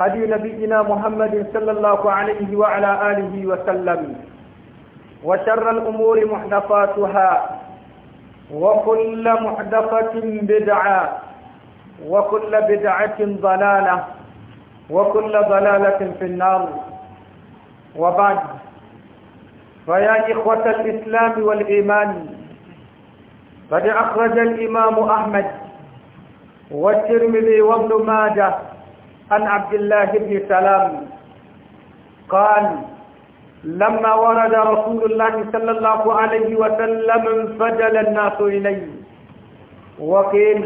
هدي نبينا محمد صلى الله عليه وعلى آله وسلم وشر الأمور محدثاتها وكل محدثة بدعة وكل بدعة ضلالة وكل ضلالة في النار وبعد فيا إخوة الإسلام والإيمان قد أخرج الإمام أحمد والترمذي وابن ماجه عن عبد الله بن سلام قال لما ورد رسول الله صلى الله عليه وسلم انفجل الناس إليه وقيل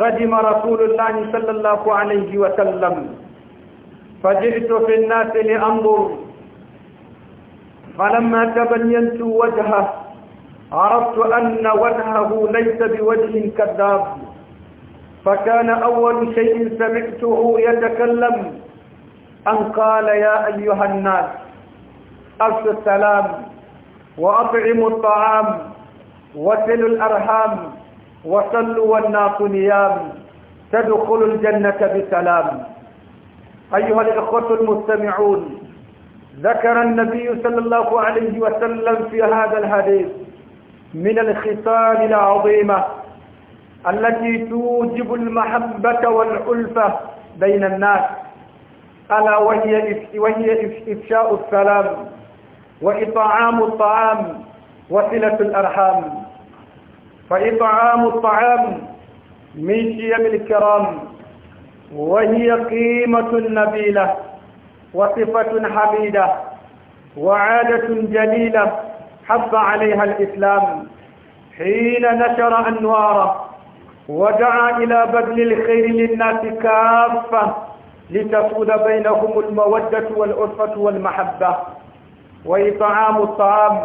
قدم رسول الله صلى الله عليه وسلم فجئت في الناس لأنظر فلما تبينت وجهه عرفت أن وجهه ليس بوجه كذاب فكان أول شيء سمعته يتكلم أن قال يا أيها الناس أفشوا السلام وأطعموا الطعام وسلوا الأرحام وصلوا والناس نيام تدخلوا الجنة بسلام أيها الإخوة المستمعون ذكر النبي صلى الله عليه وسلم في هذا الحديث من الخصال العظيمة التي توجب المحبة والألفة بين الناس ألا وهي وهي إفشاء السلام وإطعام الطعام وصلة الأرحام فإطعام الطعام من شيم الكرام وهي قيمة نبيلة وصفة حميدة وعادة جليلة حب عليها الإسلام حين نشر أنواره ودعا إلى بذل الخير للناس كافة لتفوض بينهم المودة والألفة والمحبة وإطعام الطعام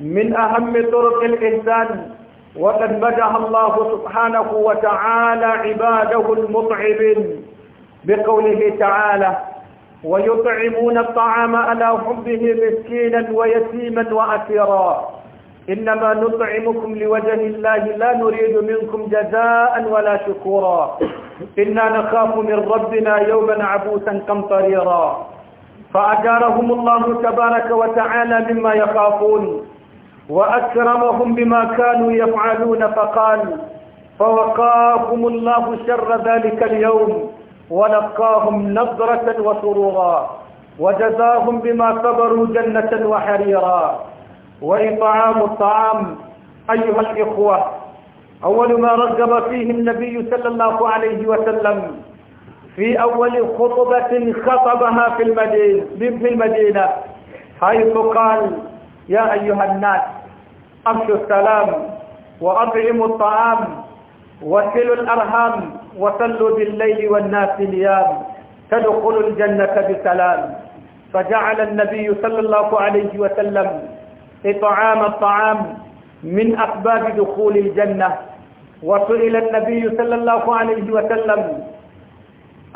من أهم طرق الإنسان وقد مدح الله سبحانه وتعالى عباده المطعمين بقوله تعالى ويطعمون الطعام على حبه مسكينا ويتيما وأسيرا إنما نطعمكم لوجه الله لا نريد منكم جزاء ولا شكورا إنا نخاف من ربنا يوما عبوسا قمطريرا فأجارهم الله تبارك وتعالى مما يخافون وأكرمهم بما كانوا يفعلون فقال فوقاهم الله شر ذلك اليوم ولقاهم نظرة وسرورا وجزاهم بما صبروا جنة وحريرا وإطعام الطعام أيها الإخوة أول ما رغب فيه النبي صلى الله عليه وسلم في أول خطبة خطبها في المدينة في المدينة حيث قال يا أيها الناس أمشوا السلام وأطعموا الطعام وصلوا الأرحام وصلوا بالليل والناس نيام تدخلوا الجنة بسلام فجعل النبي صلى الله عليه وسلم إطعام الطعام من أسباب دخول الجنة وسئل النبي صلى الله عليه وسلم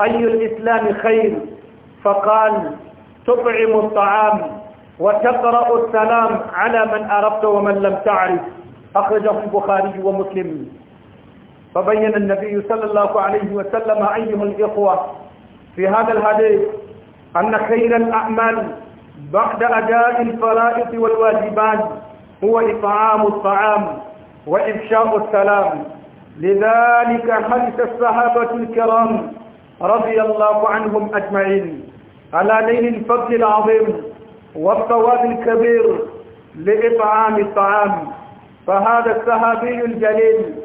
أي الإسلام خير فقال تطعم الطعام وتقرأ السلام على من أردت ومن لم تعرف أخرجه البخاري ومسلم فبين النبي صلى الله عليه وسلم أيها الإخوة في هذا الحديث أن خير الأعمال بعد أداء الفرائض والواجبات هو إطعام الطعام وإفشاء السلام لذلك حدث الصحابة الكرام رضي الله عنهم أجمعين على ليل الفضل العظيم والثواب الكبير لإطعام الطعام فهذا الصحابي الجليل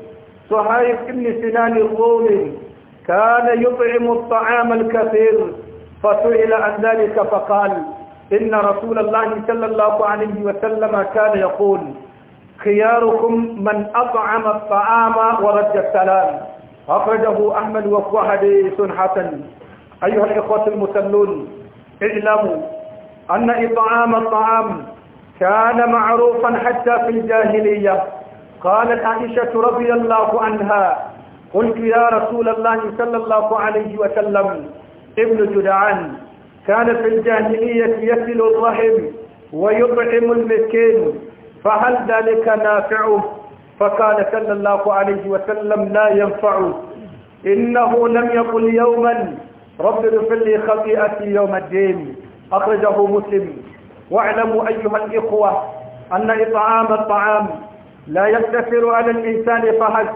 صهيب بن سنان الرومي كان يطعم الطعام الكثير فسئل عن ذلك فقال إن رسول الله صلى الله عليه وسلم كان يقول خياركم من أطعم الطعام ورد السلام أخرجه أحمد وهو حديث حسن أيها الإخوة المسلون اعلموا أن إطعام الطعام كان معروفا حتى في الجاهلية قالت عائشة رضي الله عنها قلت يا رسول الله صلى الله عليه وسلم ابن جدعان كان في الجاهلية يسل الرحم ويطعم المسكين فهل ذلك نافعه فقال صلى الله عليه وسلم لا ينفع إنه لم يقل يوما رب اغفر لي خطيئتي يوم الدين أخرجه مسلم واعلموا أيها الإخوة أن إطعام الطعام لا يقتصر على الإنسان فحسب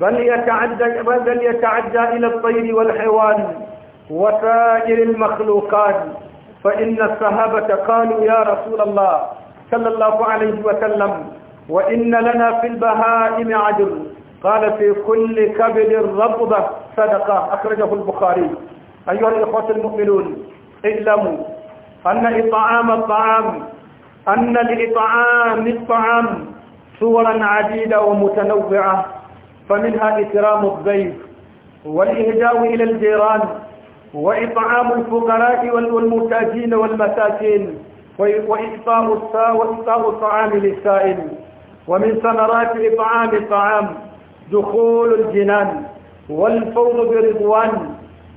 بل يتعدى بل يتعدى إلى الطير والحيوان وسائر المخلوقات فإن الصحابة قالوا يا رسول الله صلى الله عليه وسلم وإن لنا في البهائم عدل قال في كل كبد ربضة صدقة أخرجه البخاري أيها الإخوة المؤمنون اعلموا أن إطعام الطعام أن لإطعام الطعام صورا عديدة ومتنوعة فمنها إكرام الضيف والإهداء إلى الجيران وإطعام الفقراء والمحتاجين والمساكين وإعطاء الطعام للسائل ومن ثمرات إطعام الطعام دخول الجنان والفوز برضوان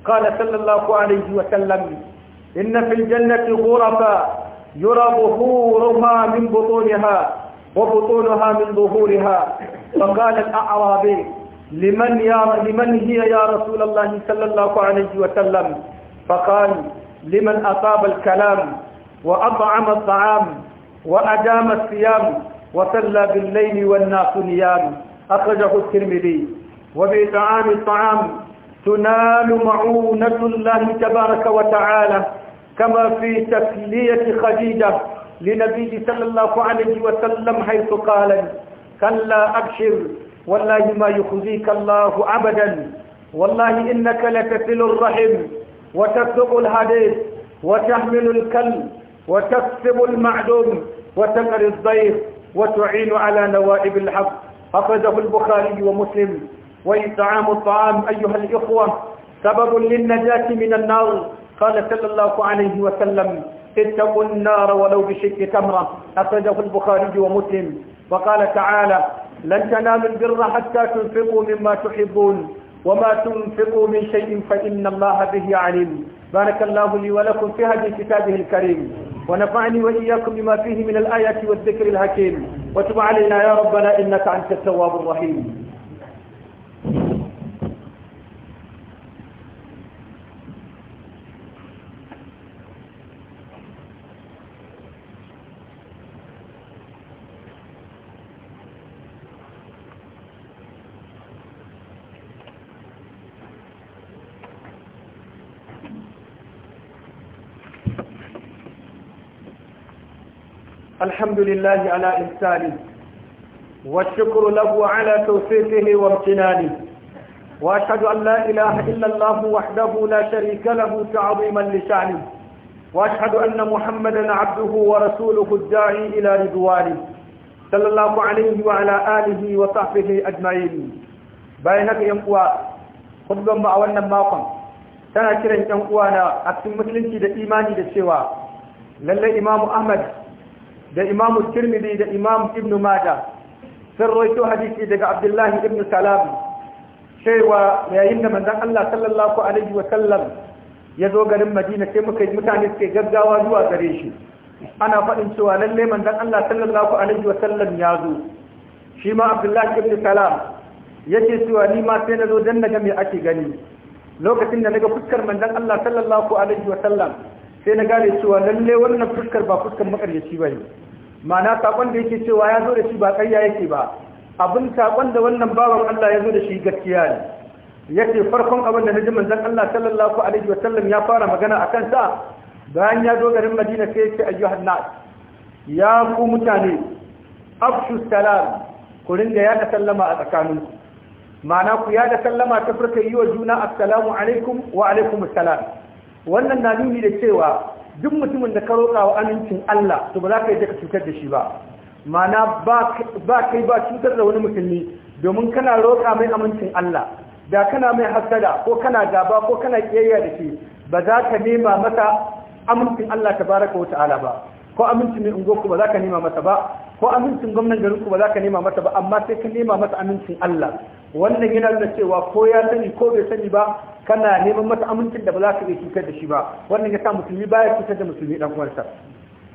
قال صلى الله عليه وسلم إن في الجنة غرفا يرى ظهورها من بطونها وبطونها من ظهورها فقال الأعرابي لمن يا لمن هي يا رسول الله صلى الله عليه وسلم فقال لمن أصاب الكلام وأطعم الطعام وأدام الصيام وصلى بالليل والناس نيام أخرجه الترمذي وبإطعام الطعام تنال معونة الله تبارك وتعالى كما في تسلية خديجة لنبيه صلى الله عليه وسلم حيث قال كلا أبشر والله ما يخزيك الله أبدا والله إنك لتفل الرحم وتسوق الحديث وتحمل الكلب وتكسب المعدوم وتقري الضيف وتعين على نوائب الحق حفظه البخاري ومسلم وإطعام الطعام أيها الإخوة سبب للنجاة من النار قال صلى الله عليه وسلم اتقوا النار ولو بشك تمرة أخرجه البخاري ومسلم وقال تعالى لن تنالوا البر حتى تنفقوا مما تحبون وما تنفقوا من شيء فإن الله به عليم بارك الله لي ولكم في هذه كتابه الكريم ونفعني وإياكم بما فيه من الآيات والذكر الحكيم وتب علينا يا ربنا إنك أنت التواب الرحيم الحمد لله على إحسانه والشكر له على توفيقه وامتنانه وأشهد أن لا إله إلا الله وحده لا شريك له تعظيما لشأنه وأشهد أن محمدا عبده ورسوله الداعي إلى رضوانه صلى الله عليه وعلى آله وصحبه أجمعين بينك ينقوى خطبا مع ونن ماقم tana kiran ‘yan uwana a cikin musulunci da imani da cewa lallai imamu ahmad da imam tirmidhi da imam ibn mada sun roito hadisi daga abdullahi ibn salam cewa yayin da manzon Allah sallallahu alaihi wa sallam ya zo garin madina sai muka yi mutane suke gaggawa zuwa gare shi ana faɗin cewa lalle manzon Allah sallallahu alaihi wa sallam ya zo shi ma abdullahi ibn salam yake cewa ni ma sai na zo dan naga me ake gani lokacin da naga fuskar manzon Allah sallallahu alaihi wa sallam sai na gane cewa lalle wannan fuskar ba fuskar makaryaci ba ne ma'ana sakon da yake cewa ya zo da shi ba ƙarya yake ba abin sakon da wannan bawan Allah ya zo da shi gaskiya ne yace farkon abin da naji manzon Allah sallallahu alaihi wasallam ya fara magana akan sa bayan ya zo garin Madina sai yace a nas ya ku mutane afshu salam ku ringa yada sallama a tsakaninku ma'ana ku yada sallama ta farka yi wa juna assalamu alaikum wa alaikumus salam wannan na nuni da cewa duk mutumin da ka roƙa wa amincin Allah to ba za ka yi ka cutar da shi ba mana ba kai ba cutar da wani musulmi domin kana roƙa mai amincin Allah da kana mai hasada ko kana gaba ko kana kiyayya da shi ba za ka nema masa amincin Allah tabaraka wata ala ba ko amincin mai ungo ku ba za ka nema masa ba ko amincin gwamnan garin ku ba za ka nema masa ba amma sai ka nema masa amincin Allah wannan yana nuna cewa ko ya sani ko bai sani ba kana neman mata amincin da ba za ka iya cutar da shi ba wannan ya sa musulmi baya cutar da musulmi dan uwansa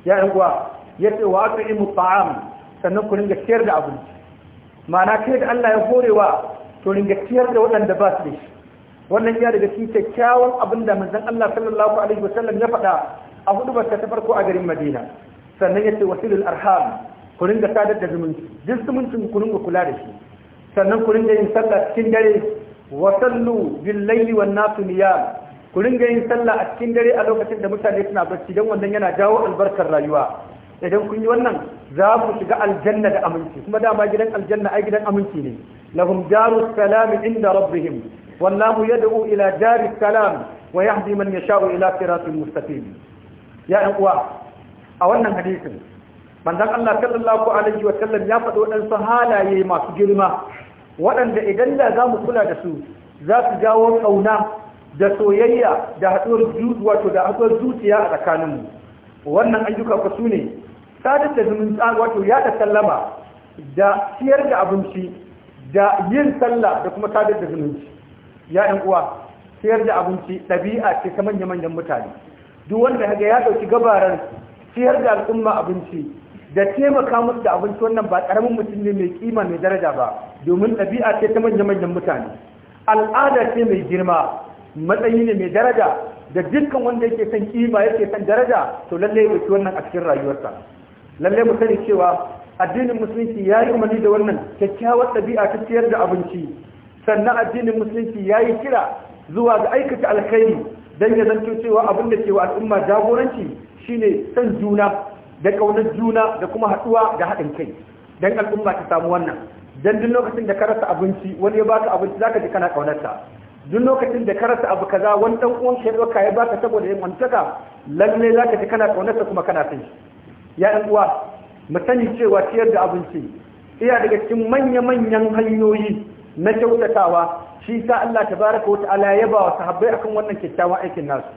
ya yan uwa ya ce wa aka yi muta'am sannan ku ringa ciyar da abinci ma'ana kai da Allah ya horewa to ringa ciyar da waɗanda ba su da shi wannan ya daga cikin kyakkyawan abin da manzon Allah sallallahu alaihi wasallam ya faɗa a hudubar ta farko a garin Madina sannan ya ce wasilul arham ku ringa sadar da zumunci duk zumuncin ku ringa kula da shi sannan ku ringa yin sallah cikin dare wa sallu bil laili wan nasu niyam ku ringa yin sallah a cikin dare a lokacin da mutane suna barci don wannan yana jawo albarkar rayuwa idan kun yi wannan za ku shiga aljanna da aminci kuma dama gidan aljanna ai gidan aminci ne lahum darus salam inda rabbihim wallahu yad'u ila daris salam wa yahdi man yasha'u ila siratin mustaqim ya ɗan uwa a wannan hadisin manzon Allah sallallahu alaihi wa sallam ya faɗo dan halaye masu girma waɗanda idan da za mu kula da su za su jawo ƙauna da soyayya da haɗuwar zuciya a tsakaninmu wannan ayyuka ku su ne sadar da zumunta wato da sallama da ciyar da abinci da yin sallah da kuma sadar da zumunci ya ɗan uwa ciyar da abinci ɗabi'a ce ta manya-manyan mutane duk wanda haka ya ɗauki gabaran ciyar da al'umma abinci da taimaka musu da abinci wannan ba ƙaramin mutum ne mai kima mai daraja ba domin ɗabi'a ce ta manya-manyan mutane al'ada ce mai girma matsayi ne mai daraja da dukkan wanda yake son kima yake son daraja to lallai ya wannan a cikin rayuwarsa lallai mu sani cewa addinin musulunci ya yi umarni da wannan kyakkyawar ɗabi'a ta ciyar da abinci sannan addinin musulunci ya yi kira zuwa ga aikata alkhairi don ya zanto cewa abin da ke wa al'umma jagoranci shine son juna da ƙaunar juna da kuma haɗuwa da haɗin kai don al'umma ta samu wannan dan duk lokacin da ka rasa abinci wani ya baka abinci zaka ji kana kaunarsa duk lokacin da ka rasa abu kaza wani dan uwan ka ya ya baka saboda yin wantaka lalle zaka ji kana kaunarsa kuma kana son shi ya ɗan uwa mu sani cewa ciyar da abinci iya daga cikin manya-manyan hanyoyi na kyautatawa shi sa Allah tabaraka wa ta'ala ya ba wa sahabbai akan wannan kyakkyawan aikin nasu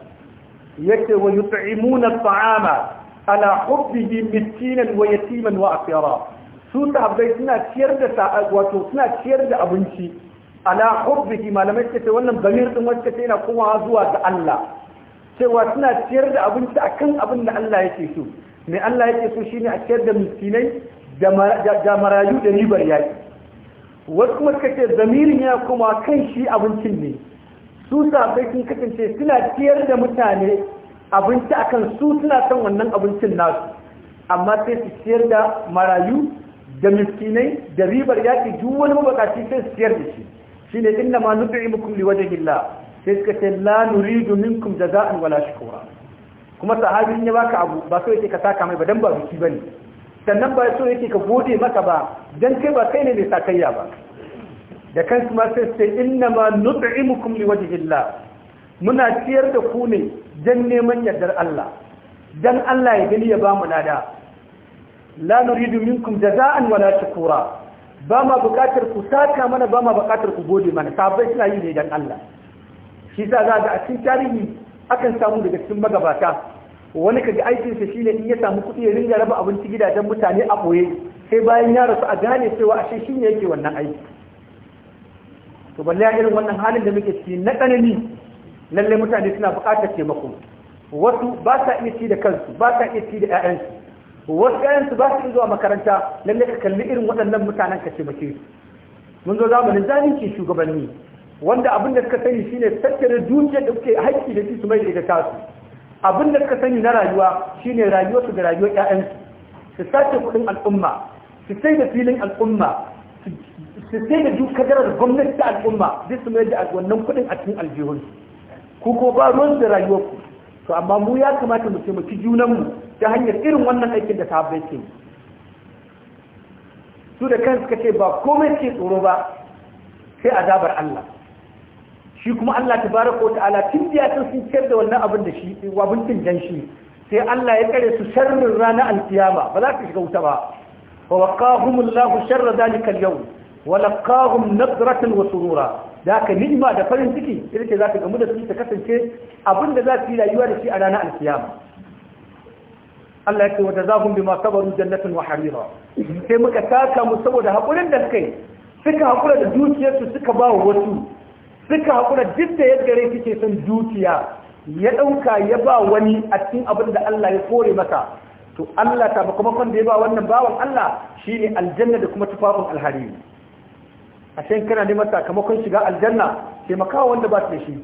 yace wa yut'imuna at'ama ala hubbihi miskinan wa yatiman wa asira da sahabbai suna ciyar da wato suna ciyar da abinci ala hubbihi malamai suka ce wannan gamir din wacce ce yana komawa zuwa ga Allah cewa suna ciyar da abinci akan abin da Allah yake so me Allah yake so shine a ciyar da miskinai da marayu da ribar yaki wasu kuma suka ce zamirin ya koma kan shi abincin ne su sahabbai sun kasance suna ciyar da mutane abinci akan su suna son wannan abincin nasu amma sai su ciyar da marayu da miskinai da ribar yaƙi duk wani mabakaci sai su siyar da shi shine inna ma waje liwajhillah sai suka ce la za a yi wala kowa. kuma sahabin ya baka abu ba so yake ka saka mai ba dan ba biki ne sannan ba so yake ka gode maka ba dan kai ba kai ne mai sakayya ba da kansu ma sai su ce inna ma waje liwajhillah muna siyar da ku ne dan neman yardar Allah dan Allah ya gani ya ba mu lada la nuridu minkum jaza'an wala shukura ba ma bukatar ku saka mana ba ma bukatar ku gode mana sabai suna yi ne dan Allah shi sa za ga a cikin tarihi akan samu daga cikin magabata wani kaji aikin sa shine in ya samu kuɗi ya ringa raba abinci gidajen mutane a boye sai bayan ya rasu a gane cewa shi shine yake wannan aiki to balle irin wannan halin da muke ciki na tsanani lalle mutane suna bukatar taimako wasu ba sa iya ci da kansu ba sa iya ci da 'ya'yansu wasu ƴaƴan su ba su zuwa makaranta lalle ka kalli irin waɗannan mutanen ka taimake su mun zo zamanin zalunci shugabanni wanda abin da suka sani shine tattare dukiyar da kuke haƙƙi da su su mai da tasu abin da suka sani na rayuwa shine rayuwarsu da rayuwar ƴaƴan su sace kuɗin al'umma su sai da filin al'umma su sai da duk kadarar gwamnati ta al'umma duk su mayar da wannan kuɗin a cikin aljihun ku ko ba ruwan da rayuwarku to amma mu ya kamata mu taimaki junanmu ta hanyar irin wannan aikin da sahabbai ke su da kansu suka ce ba komai ke tsoro ba sai azabar Allah shi kuma Allah Ta wa ta'ala tun da ya sun ciyar da wannan abin da shi abincin jan shi sai Allah ya kare su sharrin rana alkiyama ba za su shiga wuta ba wa Allah sharra dhalika al-yawm wa laqahum nadratan wa surura da ka ni'ima da farin ciki ita ce za ka gamu da su ta kasance abin da za su yi rayuwa da shi a ranar alkiyama Allah ya ce wata zahun bi masu sabaru jannatin wa harira sai muka taka mu saboda haƙurin da suka yi suka haƙura da dukiyarsu suka ba wasu suka haƙura duk da yadda rai suke son dukiya ya ɗauka ya ba wani a cikin abin da Allah ya kore masa to Allah ta kuma da ya ba wannan bawan Allah shi ne aljanna da kuma tufafin alhariri a can kana neman sakamakon shiga aljanna taimakawa wanda ba su da shi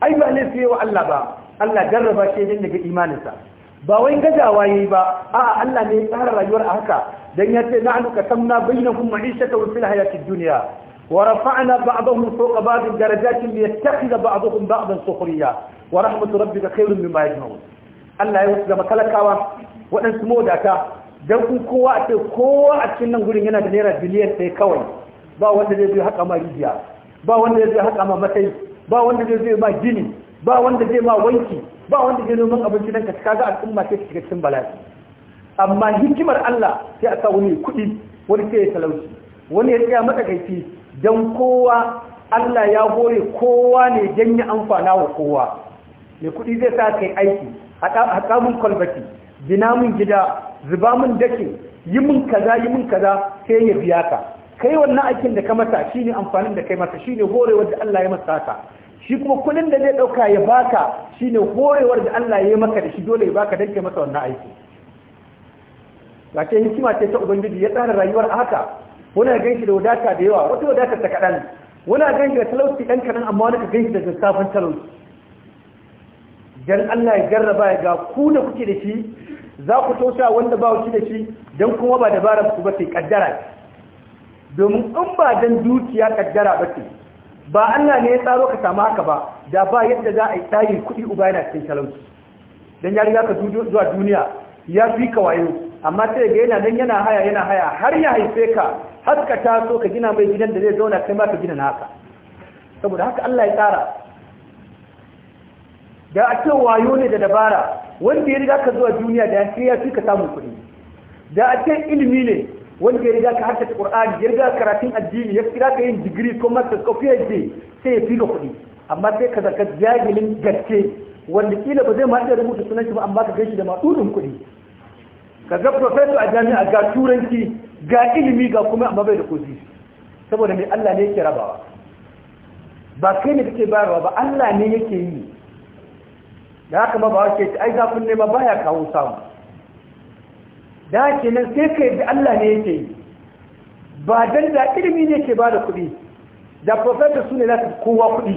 ai ba ne sai wa Allah ba Allah jarraba shi ya ga imaninsa ba wai gazawa yayi ba a'a Allah ne ya tsara rayuwar a haka dan yace na'nu katamna bainakum ma'ishatan fil hayatid dunya wa rafa'na ba'dahum fawqa ba'd darajatin liyattakhidha ba'dahum ba'dan sukhriya wa rahmatu rabbika khayrun mimma yajma'un Allah ya wasu ga makalakawa waɗansu modata Dan ku kowa a ce kowa a cikin nan gurin yana da naira biliyan sai kawai ba wanda zai zai haka ma rijiya ba wanda zai zai haka ma matai. ba wanda zai zai ma gini ba wanda zai ma wanki ba wanda zai noman abinci don ka ga al'umma sai shiga cikin bala'i amma hikimar Allah sai a sa wani kuɗi wani sai ya talauci wani ya tsaya matsakaici don kowa Allah ya gore kowa ne don ya amfana wa kowa mai kuɗi zai sa kai aiki haƙa mun kwalbati gina mun gida zuba mun dake yi mun kaza yi mun kaza sai ya biya ka kai wannan aikin da ka masa shine amfanin da kai shi ne horewar da Allah ya masa shi kuma kuɗin da zai ɗauka ya baka shine horewar da Allah ya maka da shi dole ya baka dan ke masa wannan aiki lakin hikima ce ta ubangiji ya tsara rayuwar a haka wani gan shi da wadata da yawa wata wadata ta kaɗan wani gan shi da talauci ɗan kaɗan amma wani ka gan shi da zazzafin talauci dan Allah ya jarraba ya ga ku da kuke da shi za ku tosa wanda ba shi da shi dan kuma ba dabarar ku ba sai kaddara domin in ba dan dukiya kaddara ba ce ba Allah ne ya tsaro ka samu haka ba da ba yadda za a yi tsayin kuɗi uba yana cikin talauci dan ya riga ka zuwa duniya ya fi ka wayo amma sai ga yana don yana haya yana haya har ya haife ka har ka taso ka gina mai gidan da zai zauna kai ma ka gina na haka saboda haka Allah ya tsara da a ce wayo ne da dabara wanda ya riga ka zuwa duniya da ya fi ka samu kuɗi da a ce ilimi ne wanda ya riga ka harkar ƙur'ani ya riga karatun addini ya riga ka yin digiri ko masu ko phd sai ya fi da kuɗi amma sai ka zarka jahilin gaske wanda kila ba zai ma iya rubuta sunan shi ba amma ka gaishe da matsudin kuɗi ka ga profesor a jami'a ga turanci ga ilimi ga kuma amma bai da kuɗi saboda mai Allah ne yake rabawa ba kai ne kake bayarwa ba Allah ne yake yi da haka ma ba wace ai zafin nema baya kawo samu da kenan sai ka yadda Allah ne yake yi ba dan da ilimi ne ke bada kuɗi da professor su ne za su kowa kuɗi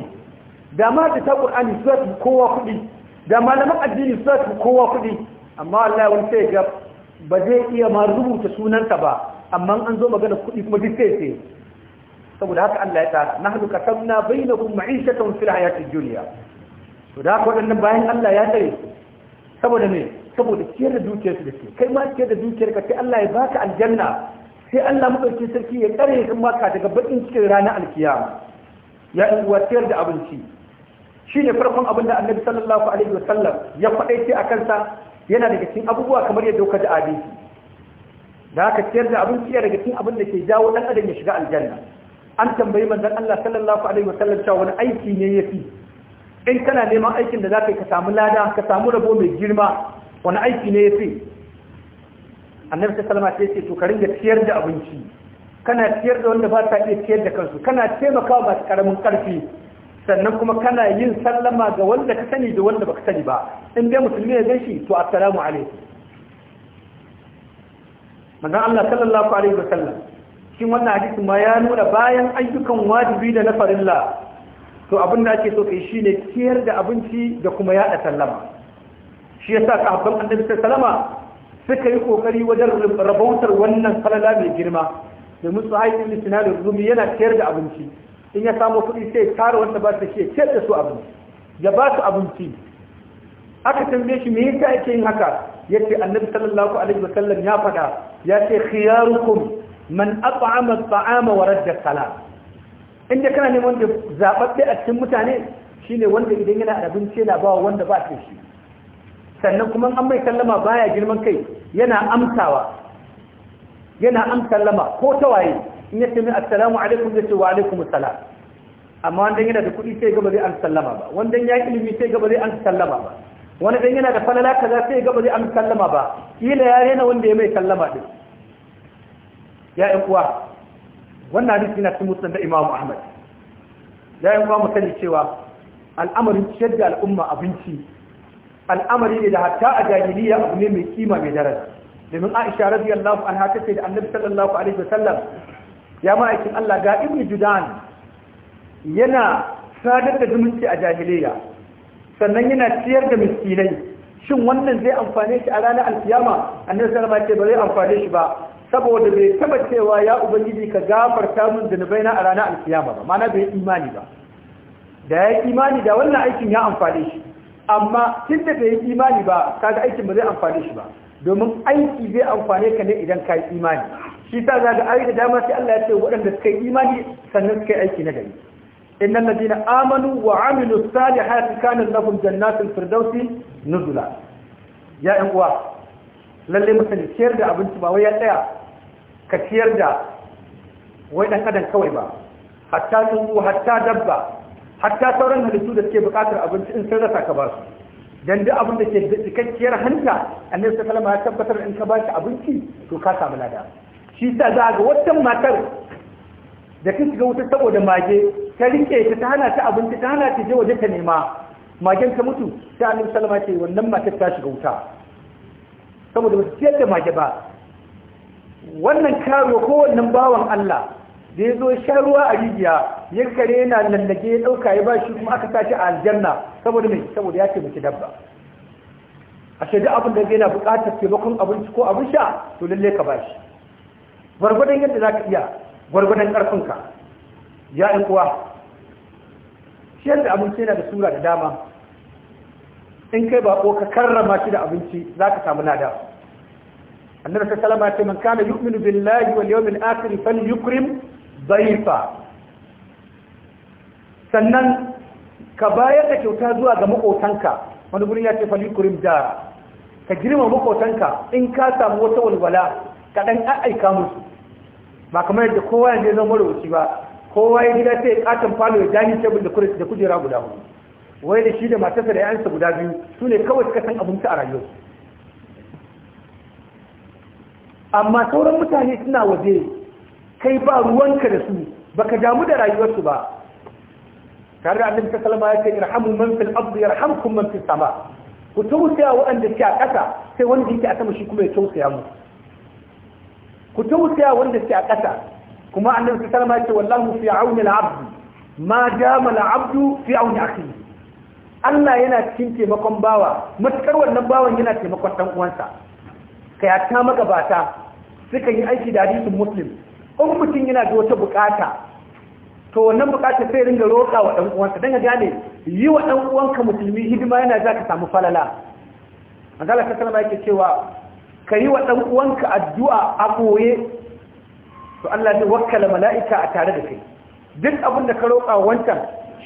da ma ta ƙur'ani su za su kowa kuɗi da malaman addini su za su kowa kuɗi amma Allah wani sai ga ba zai iya ma rubuta sunanta ba amma an zo magana kuɗi kuma duk sai sai saboda haka Allah ya tsara nahnu na bainakum ma'ishatan fil hayatid juriya to da haka waɗannan bayan Allah ya tsare saboda ne. saboda ciyar da dukiyar su da ke, kai ma ciyar da dukiyar ka sai Allah ya baka aljanna sai Allah madaukakin sarki ya kare kan maka daga bakin cikin ranar alkiyama ya yi uwa ciyar da abinci shine farkon abin da Annabi sallallahu alaihi wasallam ya faɗa shi akan sa yana daga cikin abubuwa kamar yadda kuka ji abinci. da haka ciyar da abinci yana daga cikin abin da ke jawo dan adam ya shiga aljanna an tambayi manzon Allah sallallahu alaihi wasallam cewa wani aiki ne yafi in kana neman aikin da zaka yi ka samu lada ka samu rabo mai girma wani aiki ne ya fi annabi ta sai ce to ka ringa ciyar da abinci kana ciyar da wanda ba ta iya ciyar da kansu kana taimakawa masu karamin karfi sannan kuma kana yin sallama ga wanda ka sani da wanda baka sani ba in dai musulmi ya gaishe to assalamu alaikum manzon Allah sallallahu alaihi wasallam shin wannan hadisin ma ya nuna bayan ayyukan wajibi da na farilla to abin da ake so kai shine ciyar da abinci da kuma yada sallama shi yasa sahabban annabi Salama suka yi kokari wajen rabautar wannan falala mai girma domin su haifin litina da rumi yana ciyar da abinci in ya samu kuɗi sai tara wanda ba su shi ciyar da su abinci ya ba su abinci aka tambaye shi me yasa ake yin haka yace annabi sallallahu alaihi sallam ya faɗa ya ce khiyarukum man at'ama at'ama wa radda salat inda kana neman da zababbe a cikin mutane shine wanda idan yana abinci yana ba wanda ba shi sannan kuma an mai sallama baya girman kai yana amsawa yana amsallama ko ta waye in yace mai assalamu alaikum yace wa alaikum assalam amma wanda yana da kuɗi sai gaba zai an sallama ba wanda ya ilimi sai gaba zai an sallama ba wani dan yana da falala kaza sai gaba zai an sallama ba kila ya rena wanda ya mai sallama din ya ɗan uwa wannan hadisi na cikin musnad da imamu ahmad ya ɗan uwa mu sani cewa al'amarin ciyar al'umma abinci al'amari ne da hatta a jahiliya abu ne mai kima mai daraja domin Aisha radiyallahu anha ta ce da Annabi sallallahu alaihi wasallam ya ma'aikin Allah ga Ibn Judan yana sadar da zumunci a jahiliya sannan yana ciyar da miskinai shin wannan zai amfane shi a ranar alkiyama annabi sallallahu alaihi wasallam ce ba zai amfane shi ba saboda bai taba cewa ya ubangiji ka gafarta min zunubaina a ranar alkiyama ba ma'ana bai imani ba da ya imani da wannan aikin ya amfane shi amma tun da bai yi imani ba kaga aikin ba zai amfane shi ba domin aiki zai amfani ka ne idan ka yi imani shi ta za ga ayyuka da dama sai Allah ya ce waɗanda suka yi imani sannan suka yi aiki na gari innal ladina amanu wa amilu salihati kana lahum jannatul firdausi nuzula ya ƴan uwa lalle ya ciyar da abinci ba wai ya tsaya ka ciyar da wai dan kadan kawai ba hatta tsuntsu hatta dabba hatta sauran halittu da suke buƙatar abinci in sun rasa ka ba su dan duk abin da ke da cikakkiyar hanta annabi sallallahu alaihi ya tabbatar in ka ba shi abinci to ka samu lada shi sa za ga wannan matar da kin shiga wuta saboda mage ta rike ta ta hana ta abinci ta hana ta je waje ta nema magen ta mutu ta annabi sallallahu alaihi wannan matar ta shiga wuta saboda ba ta ciyar da mage ba wannan karo ko wannan bawan Allah da ya zo shan ruwa a rijiya ya kare yana lallage ya ɗauka ya ba shi kuma aka tashi a aljanna saboda mai saboda ya taimaki dabba a shaidu abin da zai na buƙatar taimakon abinci ko abin sha to lalle ka ba shi gwargwadon yadda za ka iya gwargwadon ƙarfinka ya ɗan kuwa shi yadda abinci yana da sura da dama in kai ba ko ka karrama shi da abinci za ka samu nada annabi sallallahu alaihi wasallam ya ce man kana yu'minu billahi wal yawmil akhir falyukrim zaifa sannan ka bayar da kyauta zuwa ga makotanka wani gurin ya ce falikurim da ka girma makotanka in ka samu wata walwala ka ɗan aika musu ba kamar yadda kowa yanzu ya zama rubuci ba kowa ya gida sai katon falo ya dani tebul da kujera guda hudu wai da shi da matarsa da yansa guda biyu su ne kawai suka san abinci a rayuwarsu amma sauran mutane suna waje kai ba ruwanka da su baka damu da rayuwarsu ba tare da annabi sallama ya ce irhamu man fil ardi yarhamkum man fis sama ku tausaya waɗanda ke a ƙasa sai wanda yake a sama shi kuma ya tausaya mu ku tausaya wanda ke a ƙasa kuma annabi sallama ya ce wallahu fi auni al-abd ma dama al-abd fi auni akhi Allah yana cikin taimakon bawa matukar wannan bawan yana taimakon dan uwansa kai ta magabata suka yi aiki da hadisin muslim in mutum yana da wata bukata to wannan bukata sai ringa roƙa wa ɗan uwansa dan gane yi wa ɗan uwanka musulmi hidima yana za ka samu falala magana ta kalma yake cewa ka yi wa ɗan uwanka addu'a a koye to Allah zai wakkala mala'ika a tare da kai duk abin da ka roƙa wancan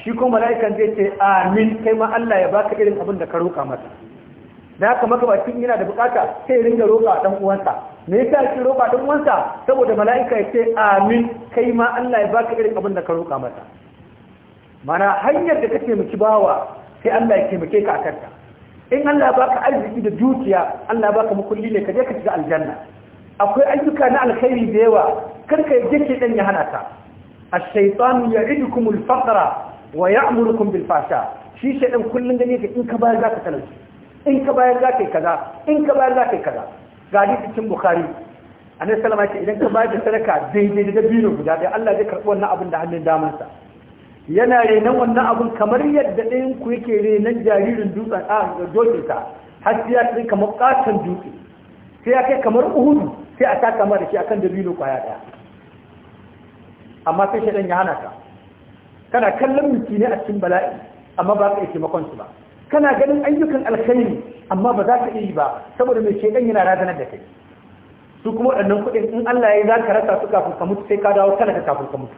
shi kuma mala'ikan zai ce amin kai ma Allah ya baka irin abin da ka roƙa masa kama kama magabacin yana da bukata sai ringa roƙa dan uwansa me yasa ki roƙa dan uwansa saboda mala'ika ya ce amin kai ma Allah ya baka irin abin da ka roƙa masa mana hanyar da ka taimaki bawa sai Allah ya taimake ka akan in Allah baka arziki da dukiya Allah baka mukulli ne ka je ka shiga aljanna akwai ayyuka na alkhairi da yawa kar ka je ke dan ya hana ta ash-shaytanu ya'idukumul faqra wa ya'murukum bil fahsha shi shedan kullun gani ka in ka ba za ka talauci in ka bayar za ka yi kaza in ka bayar za ka yi kaza ga cikin bukhari annabi salama ce idan ka bayar da sadaka daidai da dabino guda ɗaya Allah zai karɓi wannan abin da hannun damansa yana renon wannan abin kamar yadda ɗayan ku yake renon jaririn dutsen a dokinsa har sai ya kai kamar ƙaton dutse sai ya kai kamar uhudu sai a taka mara shi akan dabino kwaya ɗaya amma sai shaɗan ya hana ka kana kallon mutune a cikin bala'i amma ba ka yi taimakon su ba kana ganin ayyukan alkhairi amma ba za ka yi ba saboda mai shaidan yana razanar da kai su kuma waɗannan kuɗin in Allah ya yi za ka rasa su kafin ka mutu sai ka dawo da kafin ka mutu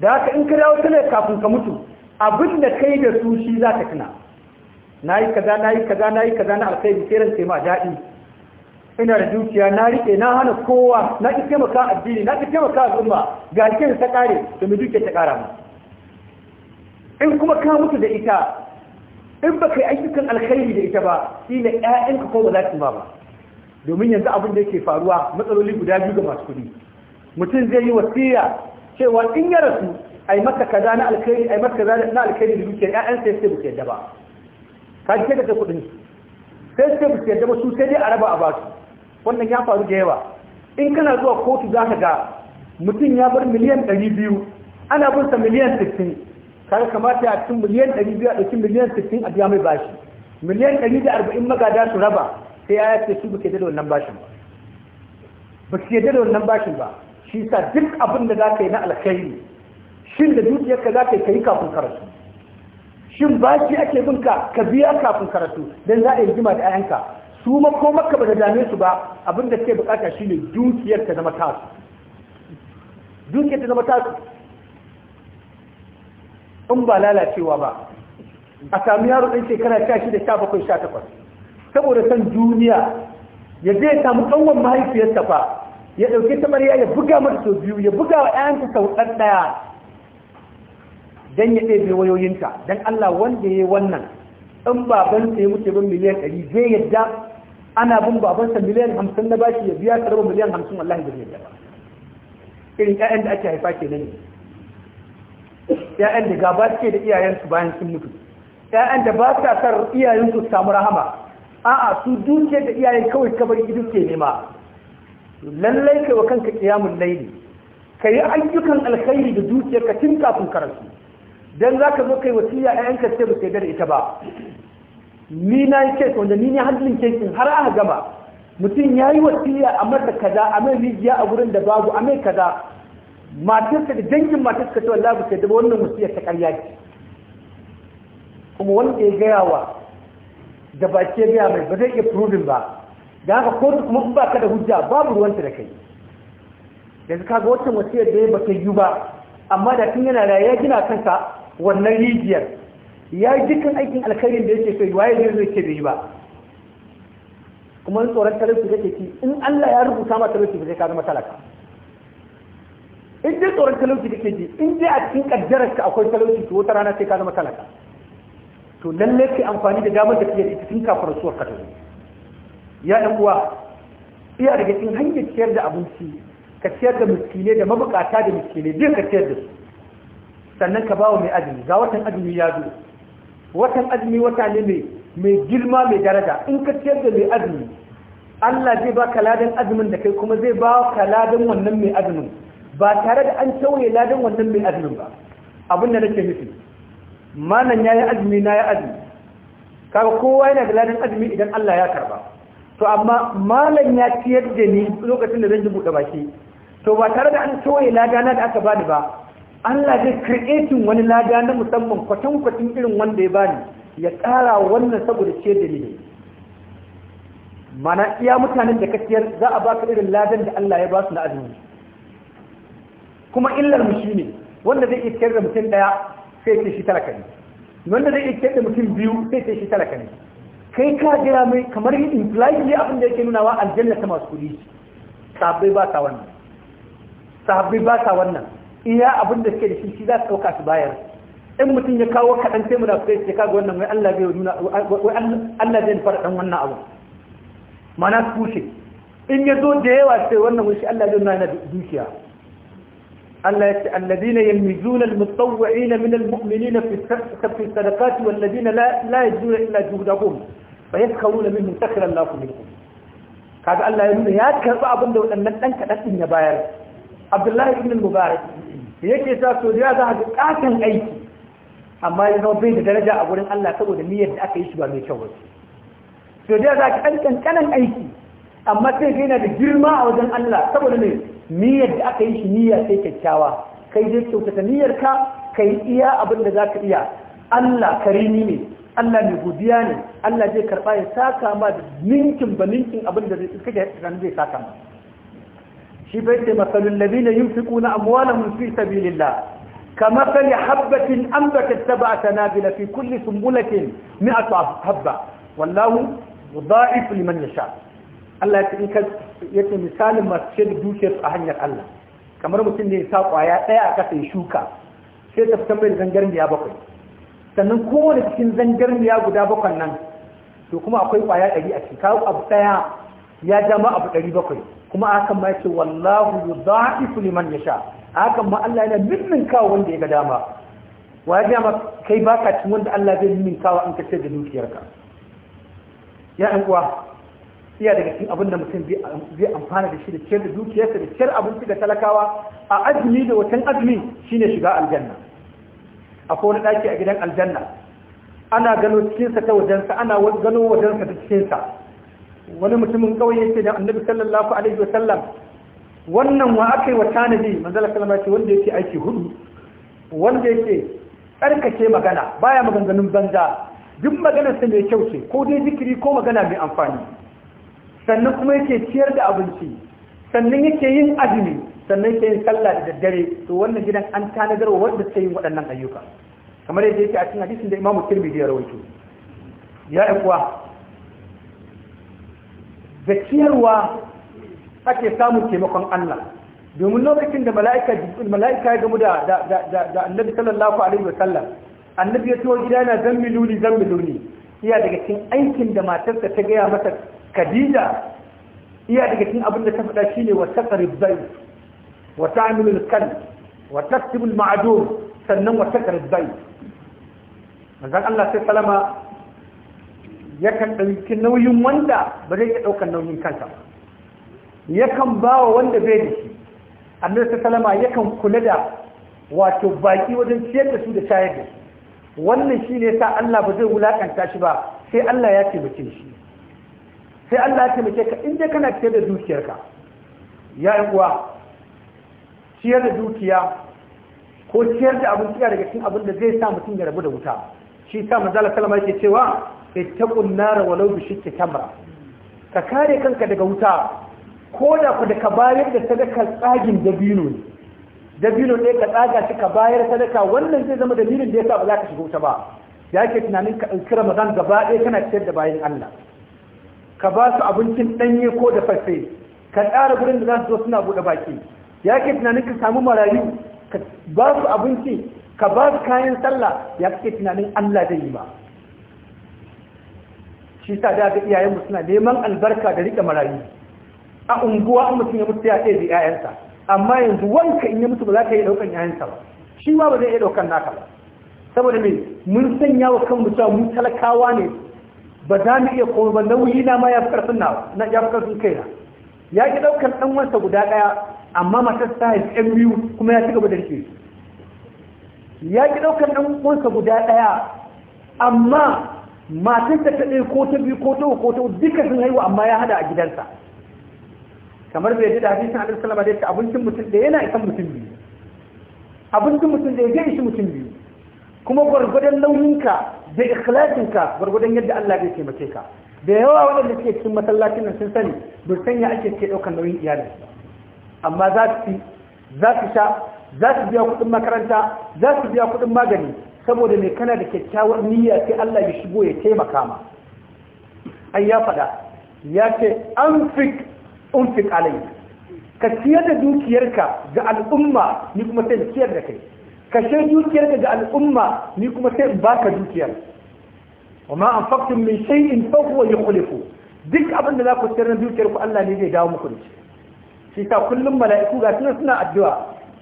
da haka in ka dawo talaka kafin ka mutu abin da kai da su shi za ka tuna na yi kaza na yi kaza na yi kaza na alkhairi sai ran sai ma daɗi ina da dukiya na riƙe na hana kowa na ƙi taimaka addini na ƙi taimaka al'umma ga alkhairi ta ƙare domin mu duke ta ƙara mu in kuma ka mutu da ita in ba kai ayyukan alkhairi da ita ba kila ƴaƴanka ko ba za su ba ba domin yanzu abin da yake faruwa matsaloli guda biyu ga masu kuɗi mutum zai yi wasiya cewa in ya rasu ai maka kaza na alkhairi ai maka kaza na alkhairi da dukiyar ƴaƴan sai sai buke da ba ka ji da kuɗin sai sai buke da ba su sai dai a raba a ba su wannan ya faru da yawa in kana zuwa kotu za ka ga mutum ya bar miliyan ɗari biyu ana bin sa miliyan sittin kaga kamata a cikin miliyan 200 a cikin miliyan 60 a biya mai bashi miliyan 140 magada su raba sai ya yace su buke da wannan bashin ba ba su yadda da wannan bashin ba shi sa duk abin da za ka yi na alkhairi shin da dukiyarka za ka yi ka yi kafin karatu shin bashi ake bin ka ka biya kafin karatu dan za a yi jima da 'ya'yanka su ma ko maka ba da dame su ba abin da ke bukata shine dukiyar ta zama tasu dukiyar ta zama tasu in ba lalacewa ba a sami yaro ɗin shekara sha shida sha bakwai sha takwas saboda san duniya ya zai samu ɗanwan mahaifiyarsa fa ya ɗauki ta marya ya buga mata sau biyu ya buga wa ƴaƴanta sau ɗan ɗaya don ya ɗebe wayoyinta don Allah wanda ya yi wannan in babansa ya mutu bin miliyan ɗari zai yadda ana bin babansa miliyan hamsin na bashi ya biya karɓar miliyan hamsin wallahi da zai yadda irin ƴaƴan da ake haifa ke nan ya'yan da gaba suke da iyayensu bayan sun mutu ya'yan da ba sa san iyayensu samu rahama a'a su duke da iyayen kawai kamar ido ke nema lallai kai wa kanka kiyamun laili yi ayyukan alkhairi da dukiyar ka tun kafin karatu dan ka zo kai wasiya ƴaƴanka ce ba sai da ita ba ni na yi wanda ni ne har aka gama mutum ya yi wasiya a mata kaza a mai rijiya a gurin da babu a mai kaza matarsa da dangin matarsa ce wallahi ba ta wannan wasiyar ta karya ce kuma wanda ya gaya wa da ba ke gaya mai ba zai iya proving ba da haka kotu kuma ba ka da hujja babu ruwanta da kai yanzu kaga wata wasiyar da ya ba ta yi ba amma da tun yana da ya gina kansa wannan rijiyar ya yi kan aikin alkhairin da yake so yi waye zai ce bai yi ba kuma tsoron talauci ke ci in Allah ya rubuta ma talauci ba zai ka zama talaka in dai tsoron talauci ke ji in dai a cikin kaddarar ka akwai talauci to wata rana sai ka zama talaka to lalle kai amfani da damar da kake cikin kafar suwar ka tazo ya ɗan uwa iya daga cikin hanyar ciyar da abinci ka ciyar da miskile da mabukata da miskile biyan ka ciyar da su sannan ka bawa mai azumi ga watan azumi ya zo watan azumi wata ne mai girma mai daraja in ka ciyar da mai azumi Allah zai ba ka ladan azumin da kai kuma zai ba ka ladan wannan mai azumin ba tare da an tauye ladan wannan mai azumin ba abin da nake nufi malam ya yi azumi na ya azumi kaga kowa yana da ladan azumi idan Allah ya karba to amma malam ya ciyar da ni lokacin da zan ji buɗe baki to ba tare da an tauye ladana da aka bani ba Allah zai creating wani lada na musamman kwatankwatin irin wanda ya bani ya ƙara wannan saboda ciyar da ni mana iya mutanen da ka ciyar za a baka irin ladan da Allah ya ba su na azumi kuma illar mu shine wanda zai iya da mutum daya sai ce shi talaka ne wanda zai iya da mutum biyu sai ce shi talaka ne kai ka jira mai kamar yin impliedly abin da yake wa aljanna ta masu kudi sahabbai ba sa wannan sahabbai ba sa wannan iya abin da suke da shi shi za su dauka su bayar in mutum ya kawo kaɗan sai mu da kai sai kaga wannan wai Allah zai nuna wai Allah zai fara dan wannan abu mana su in ya zo da yawa sai wannan wai shi Allah zai nuna yana dukiya Allah ya ce alladina yalmizuna almutawwi'ina min na fi sadaqati walladina la la yajiduna illa juhdahum fa yaskharuna minhum sakara Allahu minhum kaga Allah ya nuna ya karba abin da waɗannan ɗan kaɗan ɗin ya bayar Abdullahi ibn Mubarak yake ta so da za ga katon aiki amma ya zama bai da daraja a wurin Allah saboda niyyar da aka yi shi ba mai kyau ba so da za ka ɗan ƙanƙanan aiki amma sai yana da girma a wajen Allah saboda ne niyyar da aka yi shi niyya sai kyakkyawa kai dai kyautata niyyar ka kai iya abin da ka iya Allah karimi ne Allah mai godiya ne Allah zai karɓa ya saka ma da ninkin ba ninkin abin da kake tunanin zai saka ma shi bai ce masalul na yunfiquna amwalahum fi sabilillah كمثل حبة أنبتت سبع سنابل في Wallahu سنبلة مئة حبة والله ضائف لمن يشاء الله يتقيك yace misalin masu ce da dukiyarsu a hanyar Allah kamar mutum ne ya sa kwaya ɗaya a ƙasa ya shuka sai ta fitan bai zangarniya bakwai sannan kowane cikin zangar zangarniya guda bakwai nan to kuma akwai kwaya ɗari a cikin kawo abu ɗaya ya ja abu ɗari bakwai kuma hakan ma yace wallahu yudha'ifu liman yasha hakan ma Allah yana binnin kawo wanda ya ga dama wa ya ma kai baka cikin wanda Allah zai binnin kawo an ce da dukiyarka ya ɗan uwa iya daga cikin abin da mutum zai amfana da shi da ciyar da dukiyarsa da ciyar abinci da talakawa a azumi da watan azumi shine shiga aljanna akwai wani ɗaki a gidan aljanna ana gano cikinsa ta wajensa ana gano wajensa ta cikinsa wani mutumin kawai ce da annabi sallallahu alaihi wa sallam wannan wa aka yi wa tanadi manzala sallama ce wanda yake aiki hudu wanda yake tsarkake magana baya maganganun banza duk maganarsa mai kyau ce ko dai zikiri ko magana mai amfani sannan kuma yake ciyar da abinci sannan yake yin azumi sannan yake yin sallah da daddare to wannan gidan an tanadar wa wanda suke yin waɗannan ayyuka kamar yadda yake a cikin hadisin da Imam Tirmidhi ya rawaito ya ikuwa da ciyarwa ake samun taimakon Allah domin lokacin da mala'ika mala'ika ya gamu da da da Annabi sallallahu alaihi wa sallam annabi ya tuwo gida yana zammiluni iya daga cikin aikin da matarsa ta gaya masa khadija iya daga cikin abin da ta faɗa ne wa taqrib zai wa ta'milu al-kal wa taktibu al sannan wa taqrib zai manzon Allah sai salama yakan ɗauki nauyin wanda ba zai iya ɗaukar nauyin kansa yakan ba wa wanda bai da shi annabi ta salama yakan kula da wato baki wajen ciyar da su da shayar da wannan shi ne sa Allah ba zai wulakanta shi ba sai Allah ya taimake shi sai Allah ya taimake ka inda kana ciyar da dukiyarka ya yi uwa ciyar da dukiya ko ciyar da abin daga cikin abin da zai sa mutum ya rabu da wuta shi sa manzala salama yake cewa ta kunnara walau bi shikki tamra ka kare kanka daga wuta ko da ku da ka bayar da sadaka tsagin dabino ne dabino ne ka tsaga shi ka bayar sadaka wannan zai zama dalilin da sa ba za ka shiga wuta ba ya ke tunanin ka ɗauki ramadan gaba ɗaya kana ciyar da bayan Allah ka ba su abincin ɗanye ko da fafe ka ɗara gurin da za su zo suna buɗe baki ya ke tunanin ka samu marayu ka ba su abinci ka ba su kayan sallah ya ke tunanin Allah zai yi ba shi sa da ga iyayenmu suna neman albarka da riƙe marayu a unguwa an mutum ya mutu ya ɗaya da ƴaƴansa, amma yanzu wanka in ya mutu ba za ka yi ɗaukan ƴaƴansa ba shi ma ba zai iya ɗaukan naka ba saboda me mun sanya wa kanmu cewa mu talakawa ne ba za mu iya komai ba nauyi na ma ya fi karfin na na ya fi karfin kaina ya ki daukar dan wansa guda daya amma matar ta haifi yan biyu kuma ya ci gaba da rike ya ki daukar dan wansa guda daya amma matar ta ta ɗaya ko ta biyu ko ta ko ta duka sun haihu amma ya hada a gidansa kamar bai da hadisin annabi sallallahu alaihi wasallam da abincin mutum da yana isan mutum biyu abincin mutum da ya ishi mutum biyu kuma gwargwadon launinka da ikhlasinka gwargwadon yadda Allah zai taimake ka da yawa waɗanda suke cikin masallacin nan sun sani bai sanya ake ke ɗaukar nauyin iyali? amma za su za su sha za su biya kuɗin makaranta za su biya kuɗin magani saboda mai kana da kyakkyawar niyya sai Allah ya shigo ya taimaka ma ai ya faɗa ya ce an fi unfik alai ka ciyar da dukiyarka ga al'umma ni kuma sai da da kai kashe dukiyarka ga al'umma ni kuma sai in baka dukiyar wa ma anfaqtum min shay'in fa huwa yukhlifu duk abin da za ku tsayar dukiyar ku Allah ne zai dawo muku da shi shi ta kullum mala'iku ga suna suna addu'a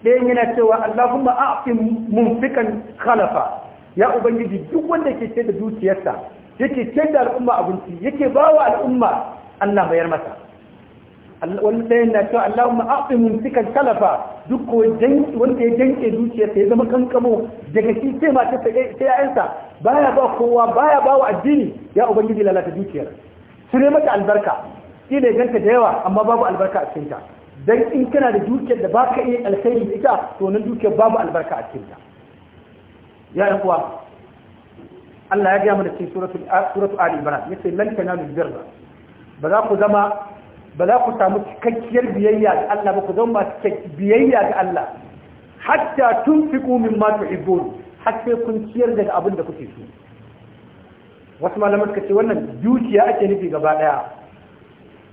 ɗayan yana cewa Allahumma a'fi munfikan khalafa ya ubangiji duk wanda ke ce da dukiyarsa yake ce da al'umma abinci yake bawa al'umma Allah mayar masa wani ɗayan na cewa Allahumma a'ti mumsikan talafa duk ko wanda ya danke dukiyarta ya zama kankamo daga shi sai mata ta ƴaƴansa baya ba kowa baya ba wa addini ya ubangiji lalata zuciyar ne mata albarka shi ne ganta da yawa amma babu albarka a cikinta dan in kana da dukiyar da ka iya alkhairi da ita to nan dukiyar babu albarka a cikinta ya yi uwa Allah ya gaya mana cikin suratul suratul ali imran yace lan tanalu birra ba za ku zama ba za ku samu cikakkiyar biyayya ga Allah ba ku zama masu biyayya ga Allah hatta tun fi ƙumin matu har hatta kun ciyar daga abin da kuke so wasu malamai suka ce wannan dukiya ake nufi gaba ɗaya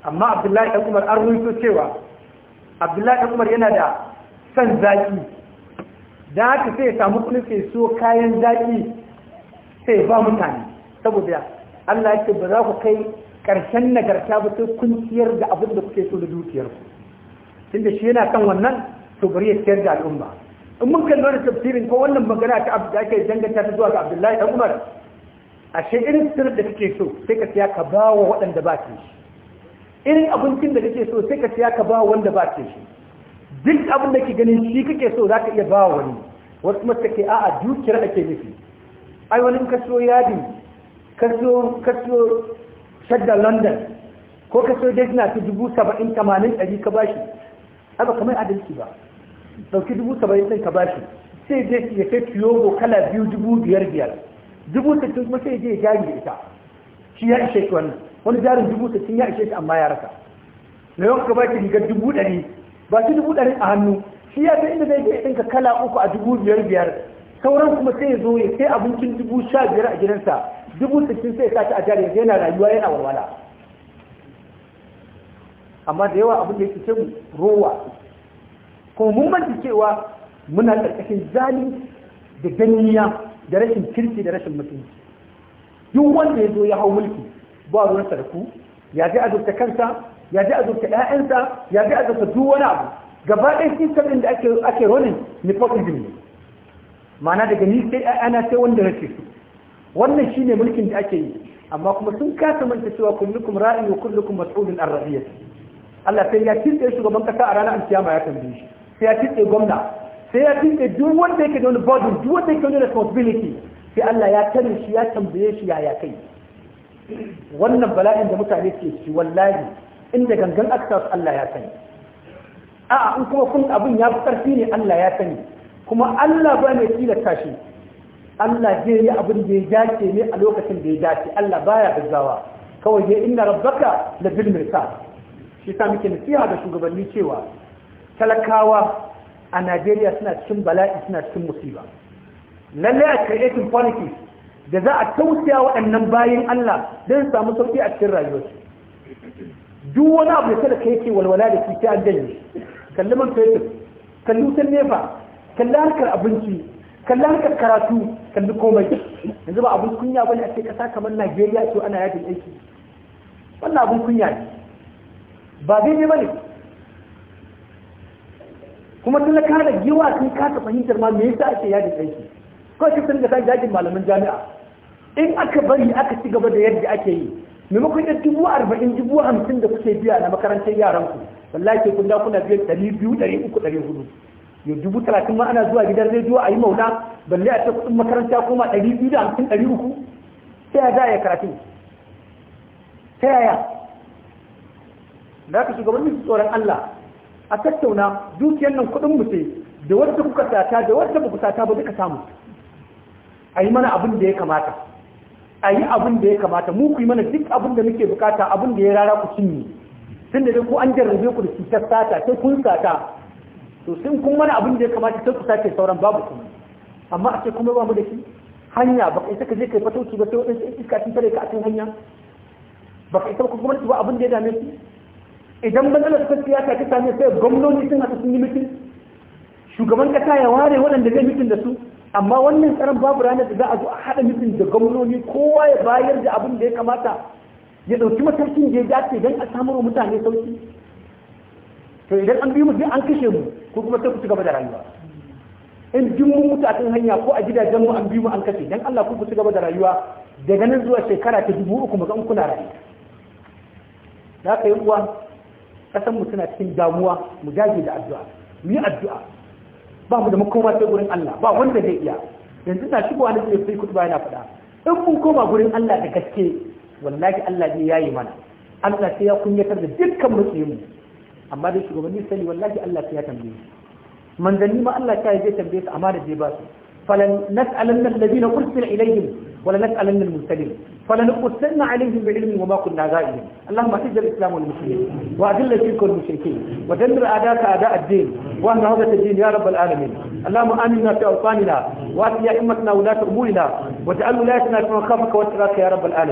amma Abdullahi dan Umar an rubuto cewa Abdullahi dan Umar yana da san zaki da haka sai ya samu kuɗin sai so kayan zaki sai ba mutane saboda Allah ya ce ba za ku kai ƙarshen nagarta ba sai kun ciyar da abin da kuke so da dukiyar ku tunda shi yana kan wannan to bari ya ciyar da al'umma in mun kallo da tafsirin ko wannan magana ta abu da ake danganta ta zuwa ga Abdullahi dan Umar she irin sirr da kake so sai ka siya ka ba wa waɗanda ba ke shi irin abincin da kake so sai ka siya ka ba wa wanda ba ke shi duk abin da ke ganin shi kake so za ka iya ba wa wani wasu kuma take a'a dukiyar ake nufi ai wani ka so yadi ka so shadda london ko ka so dai suna ta dubu saba'in tamanin ɗari ka bashi haka kamar adalci ba ɗauki dubu saba'in ɗin ka bashi sai je ya kai kiyogo kala biyu dubu biyar biyar dubu sittin kuma sai je ya jari da ita shi ya ishe shi wannan wani jarin dubu sittin ya ishe shi amma ya rasa na yau ka bashi rigar dubu ɗari ba shi dubu ɗari a hannu shi ya fi inda zai je ɗinka kala uku a dubu biyar biyar sauran kuma sai ya zo ya sai abincin dubu sha biyar a gidansa dubu cikin sai sa ta a jari yana rayuwa yana walwala amma da yawa abin da yake ce rowa kuma mun manta cewa muna ƙarƙashin zalunci da ganiya da rashin kirki da rashin mutunci duk wanda ya zo ya hau mulki ba ruwan sarku ya ji azurta kansa ya a azurta ƴaƴansa ya ji azurta duk wani abu gaba ɗaya system ɗin da ake ronin, nipotism ne ma'ana daga ni sai sai wanda rashin su wannan shine mulkin da ake yi amma kuma sun kasa manta cewa kullukum ra'in wa kullukum mas'ulun an Allah sai ya tilde shugaban kasa a ranar alkiyama ya tambaye shi sai ya tilde gwamna sai ya tilde duk wanda yake da wani burden duk wanda yake da responsibility sai Allah ya tare shi ya tambaye shi yaya kai wannan bala'in da mutane ke ci wallahi inda gangan aka Allah ya sani a'a in kuma kun abin ya fi ƙarfi ne Allah ya sani kuma Allah ba mai tilasta shi Allah zai yi abin da ya dace ne a lokacin da ya dace Allah baya gaggawa kawai dai inna rabbaka la bil mirsad shi sa muke nasiha ga shugabanni cewa talakawa a Najeriya suna cikin bala'i suna cikin musiba lalle a creating politics da za a tausaya waɗannan bayin Allah don samu sauƙi a cikin rayuwarsu duk wani abu da kada kai ke walwala da shi ta an kalli man fetur kalli wutar nefa kalli harkar abinci kallon harkar karatu kalli komai yanzu ba abin kunya bane a ce kasa kamar Najeriya to ana yakin aiki wannan abin kunya ne ba daidai bane kuma tun ka da giwa sun kasa fahimtar ma me yasa ake yakin aiki kawai sai sun da sai yakin malaman jami'a in aka bari aka ci gaba da yadda ake yi maimakon da dubu arba'in dubu hamsin da kuke biya na makarantar yaranku wallahi ke kun da kuna biyan ɗari biyu ɗari uku ɗari hudu ya dubu talatin ma ana zuwa gidan rediyo a yi mauna balle a ce makaranta koma ɗari biyu da hamsin ɗari uku ta yaya ya yi karatu ta yaya da aka su tsoron Allah a tattauna dukiyar nan kuɗin mu ce da wadda kuka sata da wadda ba ku sata ba duka samu a yi mana abin da ya kamata a yi abin da ya kamata mu ku yi mana duk abin da muke bukata abin da ya rara ku cinye tun da ku an jarrabe ku da cutar sata sai kun sata to sun kun mana abin da ya kamata sai ku sake sauran babu kuma amma a ce kuma ba mu da shi hanya ba kai saka je kai fatauci ba sai wadansu iska sun tare ka a cikin hanya ba kai saka kuma ba abin da ya dame su idan matsalar ta siyasa ta same sai gwamnoni sun haka sun yi mutum shugaban kasa ya ware waɗanda zai mutum da su amma wannan tsaron babu ranar da za a zo a haɗa mutum da gwamnoni kowa ya bayar da abin da ya kamata ya ɗauki matakin da ya dace don a samar wa mutane sauki to idan an bi mu sai an kashe mu ko kuma sai ku ci gaba da rayuwa in jin mun mutu a kan hanya ko a gidajen mu an bi mu an kashe dan Allah ku ci gaba da rayuwa daga nan zuwa shekara ta dubu uku muka kuna rayu da ka yi uwa kasan mu tana cikin damuwa mu dage da addu'a mu yi addu'a ba mu da makoma sai gurin Allah ba wanda zai iya yanzu na shigowa na sai kudu ba yana faɗa in mun koma gurin Allah da gaske wallahi Allah zai yayi mana Allah sai ya kunyatar da dukkan matsayin mu amma dai shugabanni sani wallahi Allah ya tambaye su manzanni ma Allah ya zai tambaye su amma da zai ba su falan nas'alanna alladhina ursila ilayhim wala nas'alanna al-mursalin falan qussanna alayhim bi ilmin wama kunna ga'ibin Allahumma ajil al-islam wal muslimin wa ajil al-shirk wal mushrikeen wa dammir a'daka a'da ad-din wa ahna hadha ad-din ya rabb al-alamin Allahumma aminna fi awtanina wa atiya immatna wa la tu'murina wa ja'al wilayatana fi khawfika wa taqaka ya rabb al